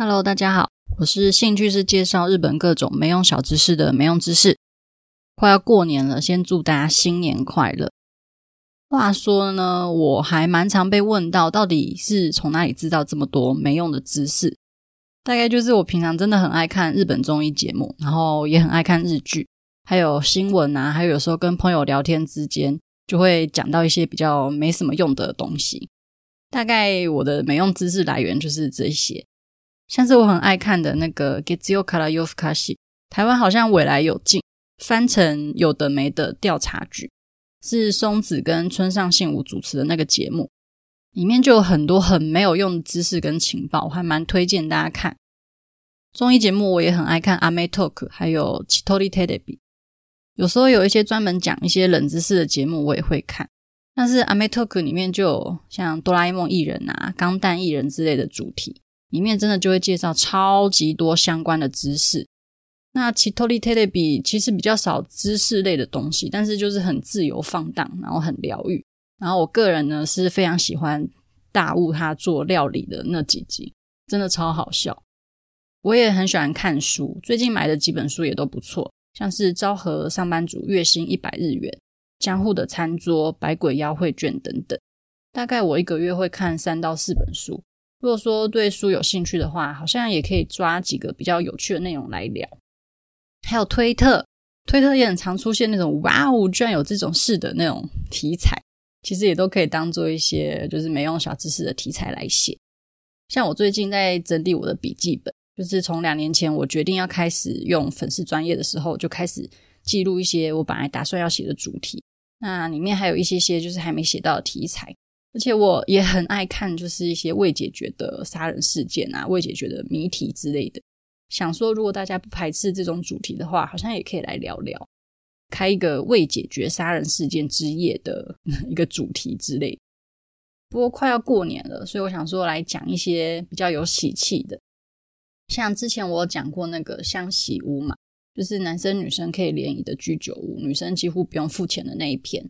Hello，大家好，我是興趣是介紹日本各種沒用小知識的沒用知識。快要過年了，先祝大家新年快樂。話說呢，我還蠻常被問到，到底是從哪裡知道這麼多沒用的知識？大概就是我平常真的很愛看日本綜藝節目，然後也很愛看日劇，還有新聞啊，還有有時候跟朋友聊天之間，就會講到一些比較沒什麼用的東西。大概我的沒用知識來源就是這些。像是我很愛看的那個《Getzio 卡拉尤夫卡西》，台灣好像緯來有進，翻成有的沒的調查局，是松子跟村上信五主持的那個節目，裡面就有很多很沒有用的知識跟情報，我還蠻推薦大家看。綜藝節目我也很愛看《阿美 Talk》，還有《Chitotitelebi》，有時候有一些專門講一些冷知識的節目我也會看，但是《阿美 Talk》裡面就有像哆啦 A 夢藝人啊、鋼彈藝人之類的主題。裡面真的就會介紹超級多相關的知識。那《Chitolly Telebi》其實比較少知識類的東西，但是就是很自由放蕩，然後很療癒。然後我個人呢是非常喜歡大物他做料理的那幾集，真的超好笑。我也很喜歡看書，最近買的幾本書也都不錯，像是《昭和上班族月薪一百日元》、《江戶的餐桌》、《百鬼妖繪卷》等等。大概我一個月會看三到四本書。如果說對書有興趣的話，好像也可以抓幾個比較有趣的內容來聊。還有推特，推特也很常出現那種“哇哦，居然有這種事”的那種題材，其實也都可以當做一些就是沒用小知識的題材來寫。像我最近在整理我的筆記本，就是從兩年前我決定要開始用粉絲專頁的時候，就開始記錄一些我本來打算要寫的主題。那裡面還有一些些就是還沒寫到的題材。而且我也很愛看，就是一些未解決的殺人事件啊、未解決的謎題之類的。想說，如果大家不排斥這種主題的話，好像也可以來聊聊，開一個未解決殺人事件之夜的一個主題之類的。不過快要過年了，所以我想說來講一些比較有喜氣的，像之前我有講過那個相喜屋嘛，就是男生女生可以聯誼的居酒屋，女生幾乎不用付錢的那一篇。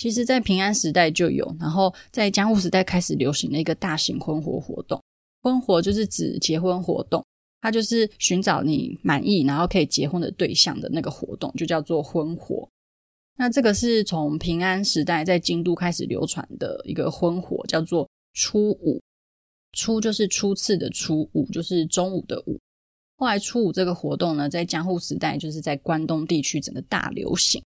其實，在平安時代就有，然後在江戶時代開始流行的一個大型婚活活動。婚活就是指結婚活動，它就是尋找你滿意然後可以結婚的對象的那個活動，就叫做婚活。那這個是從平安時代在京都開始流傳的一個婚活，叫做初午。初就是初次的初，午，就是中午的午。後來初午這個活動呢，在江戶時代就是在關東地區整個大流行。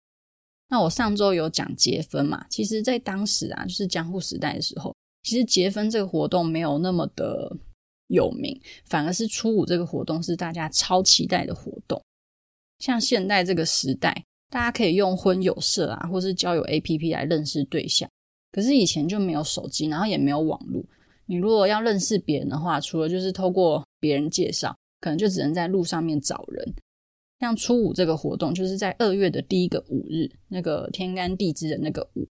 那我上周有講結婚嘛？其實，在當時啊，就是江戶時代的時候，其實結婚這個活動沒有那麼的有名，反而是初午這個活動是大家超期待的活動。像現代這個時代，大家可以用婚友社啊，或是交友 APP 來認識對象。可是以前就沒有手機，然後也沒有網絡，你如果要認識別人的話，除了就是透過別人介紹，可能就只能在路上面找人。像初午這個活動，就是在二月的第一個午日，那個天干地支的那個午，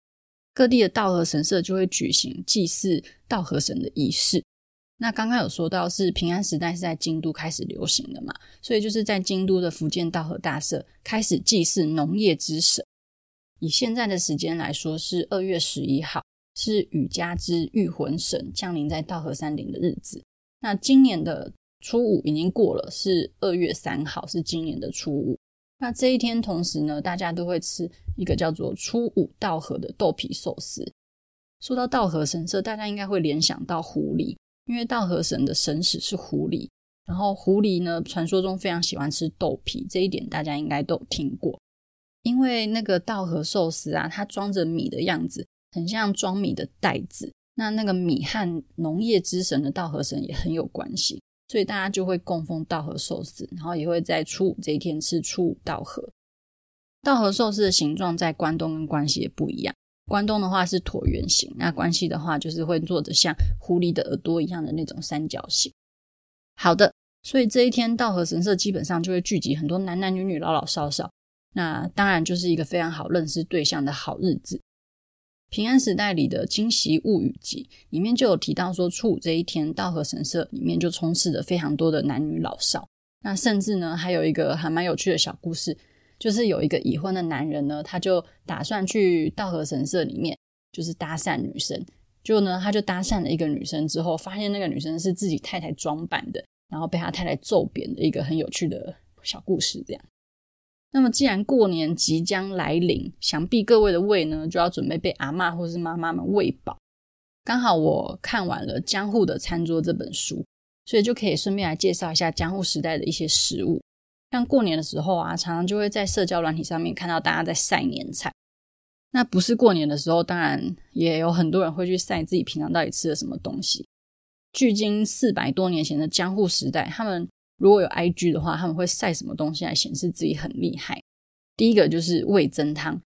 各地的稻荷神社就會舉行祭祀稻荷神的儀式。那剛剛有說到是平安時代是在京都開始流行的嘛，所以就是在京都的伏見稻荷大社開始祭祀農業之神。以現在的時間來說是二月十一號，是宇迦之御魂神降臨在稻荷山頂的日子。那今年的。初午已經過了，是二月三號，是今年的初午。那這一天，同時呢，大家都會吃一個叫做“初午稻荷”的豆皮壽司。說到稻荷神社，大家應該會聯想到狐狸，因為稻荷神的神使是狐狸。然後，狐狸呢，傳說中非常喜歡吃豆皮，這一點大家應該都有聽過。因為那個稻荷壽司啊，它裝着米的樣子，很像裝米的袋子。那那個米和農業之神的稻荷神也很有關係。所以大家就會供奉稻荷壽司，然後也會在初午這一天吃初午稻荷。稻荷壽司的形狀在關東跟關西也不一樣，關東的話是橢圓形，那關西的話就是會做的像狐狸的耳朵一樣的那種三角形。好的，所以這一天稻荷神社基本上就會聚集很多男男女女老老少少，那當然就是一個非常好認識對象的好日子。平安時代裡的《今昔物語集》裡面就有提到說，初午這一天，稻荷神社裡面就充斥着非常多的男女老少。那甚至呢，還有一個還蠻有趣的小故事，就是有一個已婚的男人呢，他就打算去稻荷神社裡面，就是搭訕女生。結果呢，他就搭訕了一個女生之後，發現那個女生是自己太太裝扮的，然後被他太太揍扁的一個很有趣的小故事，這樣。那麼既然過年即將來臨，想必各位的胃呢就要準備被阿嬤或是媽媽們餵飽。剛好我看完了《江戶的餐桌》這本書，所以就可以順便來介紹一下江戶時代的一些食物。像過年的時候啊，常常就會在社交軟體上面看到大家在曬年菜。那不是過年的時候，當然也有很多人會去曬自己平常到底吃了什麼東西。距今四百多年前的江戶時代，他們，如果有 IG 的話，他們會曬什麼東西來顯示自己很厲害？第一個就是味噌湯，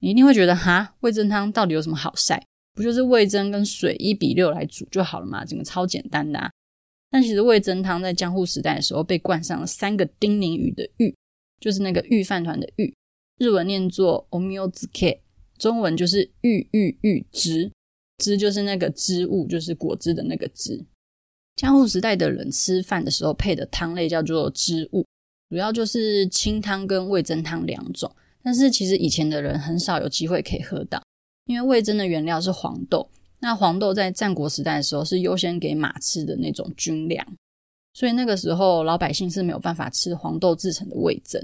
你一定會覺得哈，味噌湯到底有什麼好曬？不就是味噌跟水一比六來煮就好了嘛，整個超簡單的啊。但其實味噌湯在江戶時代的時候被冠上了三個丁寧語的「御」，就是那個御飯糰的“御”，日文念作 omiotsuke，中文就是“御御御汁”，汁就是那個汁物，就是果汁的那個汁。江戶時代的人吃飯的時候配的湯類叫做汁物，主要就是清湯跟味噌湯兩種。但是其實以前的人很少有機會可以喝到，因為味噌的原料是黃豆。那黃豆在戰國時代的時候是優先給馬吃的那種軍糧，所以那個時候老百姓是沒有辦法吃黃豆製成的味噌。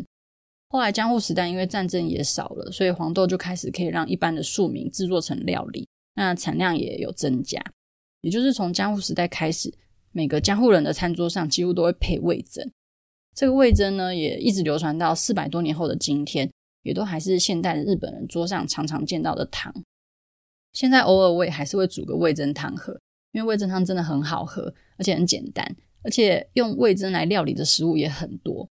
後來江戶時代因為戰爭也少了，所以黃豆就開始可以讓一般的庶民製作成料理，那產量也有增加。也就是從江戶時代開始。每個江戶人的餐桌上幾乎都會配味噌，這個味噌呢，也一直流傳到四百多年後的今天，也都還是現代的日本人桌上常常見到的湯。現在偶爾我也還是會煮個味噌湯喝，因為味噌湯真的很好喝，而且很簡單，而且用味噌來料理的食物也很多。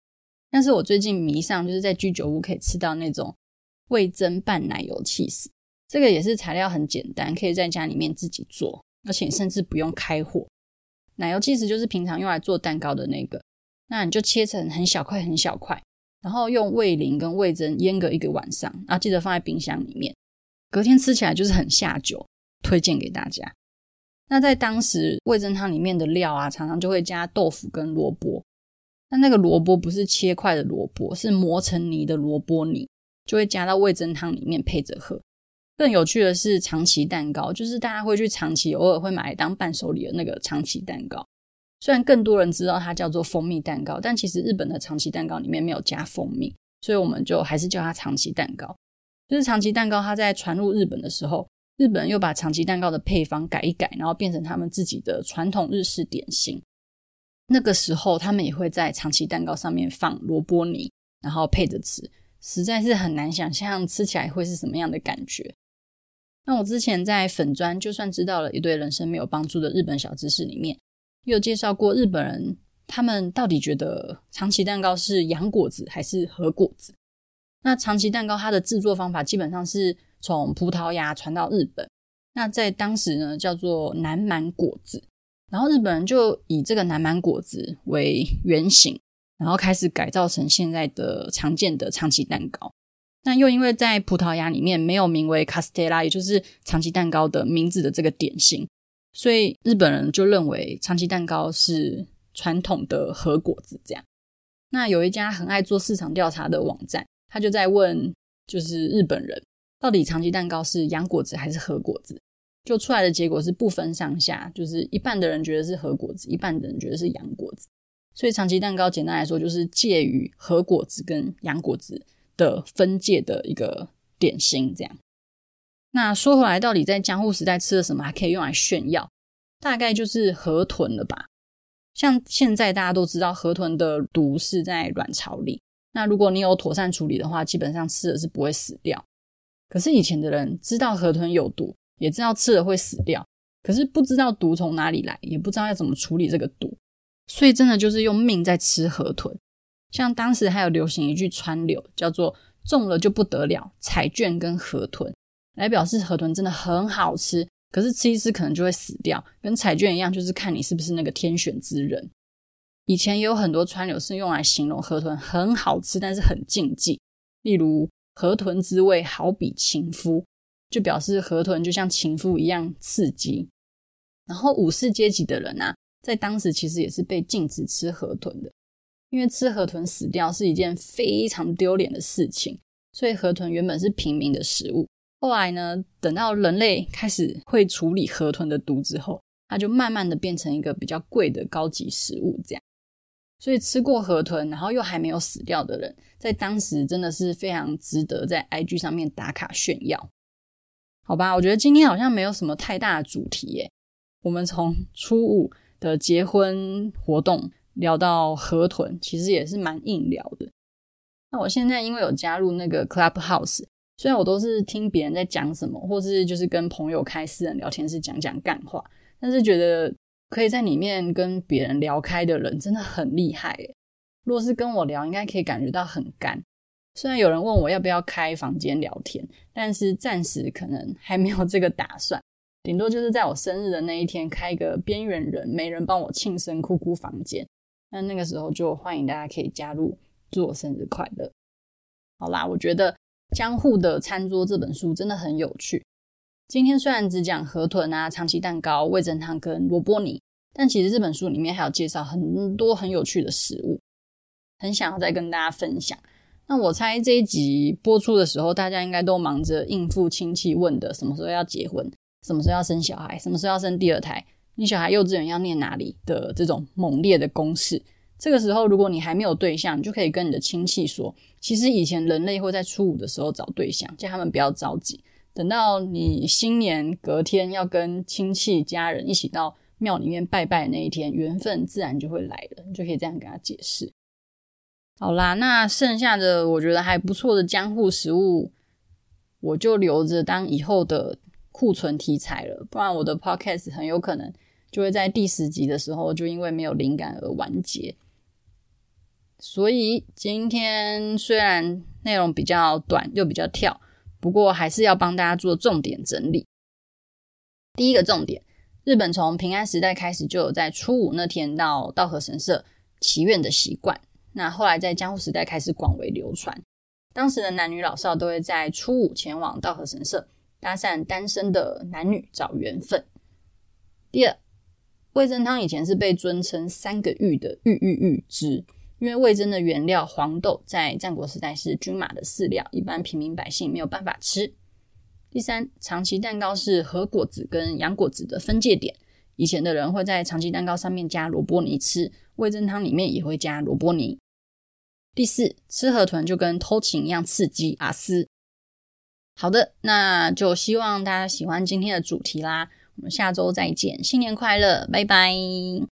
但是我最近迷上就是在居酒屋可以吃到那種味噌拌奶油起司，這個也是材料很簡單，可以在家裡面自己做，而且甚至不用開火。奶油其實就是平常用來做蛋糕的那個，那你就切成很小塊很小塊，然後用味醂跟味噌醃個一個晚上，然後記得放在冰箱裡面，隔天吃起來就是很下酒，推薦給大家。那在當時味噌湯裡面的料啊，常常就會加豆腐跟蘿蔔，那那個蘿蔔不是切塊的蘿蔔，是磨成泥的蘿蔔泥，就會加到味噌湯裡面配着喝。更有趣的是，長崎蛋糕就是大家會去長崎偶爾會買來當伴手禮的那個長崎蛋糕。雖然更多人知道它叫做蜂蜜蛋糕，但其實日本的長崎蛋糕裡面沒有加蜂蜜，所以我們就還是叫它長崎蛋糕。就是長崎蛋糕它在傳入日本的時候，日本又把長崎蛋糕的配方改一改，然後變成他們自己的傳統日式點心。那個時候，他們也會在長崎蛋糕上面放蘿蔔泥，然後配着吃。實在是很難想象吃起來會是什麼樣的感覺。那我之前在粉專，就算知道了一堆人生沒有幫助的日本小知識，裡面又介紹過日本人他們到底覺得長崎蛋糕是洋果子還是和果子。那長崎蛋糕它的制作方法基本上是從葡萄牙傳到日本，那在當時呢，叫做南蠻果子，然後日本人就以這個南蠻果子為原型，然後開始改造成現在的常見的長崎蛋糕。那又因為在葡萄牙裡面沒有名為卡斯特拉，也就是長崎蛋糕的名字的這個點心，所以日本人就認為長崎蛋糕是傳統的和果子這樣。那有一家很愛做市場調查的網站，他就在問，就是日本人到底長崎蛋糕是洋果子還是和果子？就出來的結果是不分上下，就是一半的人覺得是和果子，一半的人覺得是洋果子。所以長崎蛋糕簡單來說就是介於和果子跟洋果子。的分界的一個點心，這樣。那說回來，到底在江戶時代吃了什麼，還可以用來炫耀？大概就是河豚了吧。像現在大家都知道河豚的毒是在卵巢裡，那如果你有妥善處理的話，基本上吃的是不會死掉。可是以前的人知道河豚有毒，也知道吃了會死掉，可是不知道毒從哪裡來，也不知道要怎麼處理這個毒。所以真的就是用命在吃河豚。像當時還有流行一句川柳，叫做“中了就不得了”，彩券跟河豚來表示河豚真的很好吃，可是吃一次可能就會死掉，跟彩券一樣，就是看你是不是那個天選之人。以前有很多川柳是用來形容河豚很好吃，但是很禁忌，例如“河豚滋味好比情夫”，就表示河豚就像情夫一樣刺激。然後武士階級的人啊，在當時其實也是被禁止吃河豚的。因為吃河豚死掉是一件非常丟臉的事情，所以河豚原本是平民的食物。後來呢，等到人類開始會處理河豚的毒之後，它就慢慢的變成一個比較貴的高級食物。這樣，所以吃過河豚然後又還沒有死掉的人，在當時真的是非常值得在 IG 上面打卡炫耀。好吧，我覺得今天好像沒有什麼太大的主題耶。我們從初午的結婚活動，聊到河豚，其實也是蠻硬聊的。那我現在因為有加入那個 Clubhouse，雖然我都是聽別人在講什麼，或是就是跟朋友開私人聊天室講講幹話，但是覺得可以在裡面跟別人聊開的人真的很厲害耶。若是跟我聊，應該可以感覺到很乾。雖然有人問我要不要開房間聊天，但是暫時可能還沒有這個打算，頂多就是在我生日的那一天開一個邊緣人，沒人幫我慶生，哭哭房間。那那個時候就歡迎大家可以加入，祝我生日快樂！好啦，我覺得《江戶的餐桌》這本書真的很有趣。今天雖然只講河豚啊、長崎蛋糕、味噌湯跟蘿蔔泥，但其實這本書裡面還有介紹很多很有趣的食物，很想要再跟大家分享。那我猜這一集播出的時候，大家應該都忙着應付親戚問的什麼時候要結婚、什麼時候要生小孩、什麼時候要生第二胎。你小孩幼稚園要念哪裡的這種猛烈的攻勢？這個時候，如果你還沒有對象，就可以跟你的親戚說：其實以前人類會在初午的時候找對象，叫他們不要着急，等到你新年隔天要跟親戚家人一起到廟裡面拜拜的那一天，緣分自然就會來了。你就可以這樣跟他解釋。好啦，那剩下的我覺得還不錯的江戶食物，我就留着當以後的庫存題材了，不然我的 podcast 很有可能。就會在第十集的時候，就因為沒有靈感而完結。所以今天雖然內容比較短又比較跳，不過還是要幫大家做重點整理。第一個重點，日本從平安時代開始就有在初午那天到稻荷神社祈願的習慣。那後來在江戶時代開始廣為流傳，當時的男女老少都會在初午前往稻荷神社搭訕單身的男女找緣分。第二。味噌湯以前是被尊稱“三個御”的御御御汁，因為味噌的原料黃豆在戰國時代是軍馬的飼料，一般平民百姓沒有辦法吃。第三，長崎蛋糕是和果子跟洋果子的分界點，以前的人會在長崎蛋糕上面加蘿蔔泥吃，味噌湯裡面也會加蘿蔔泥。第四，吃河豚就跟偷情一樣刺激啊嘶。好的，那就希望大家喜歡今天的主題啦。我們下周再見，新年快樂，拜拜。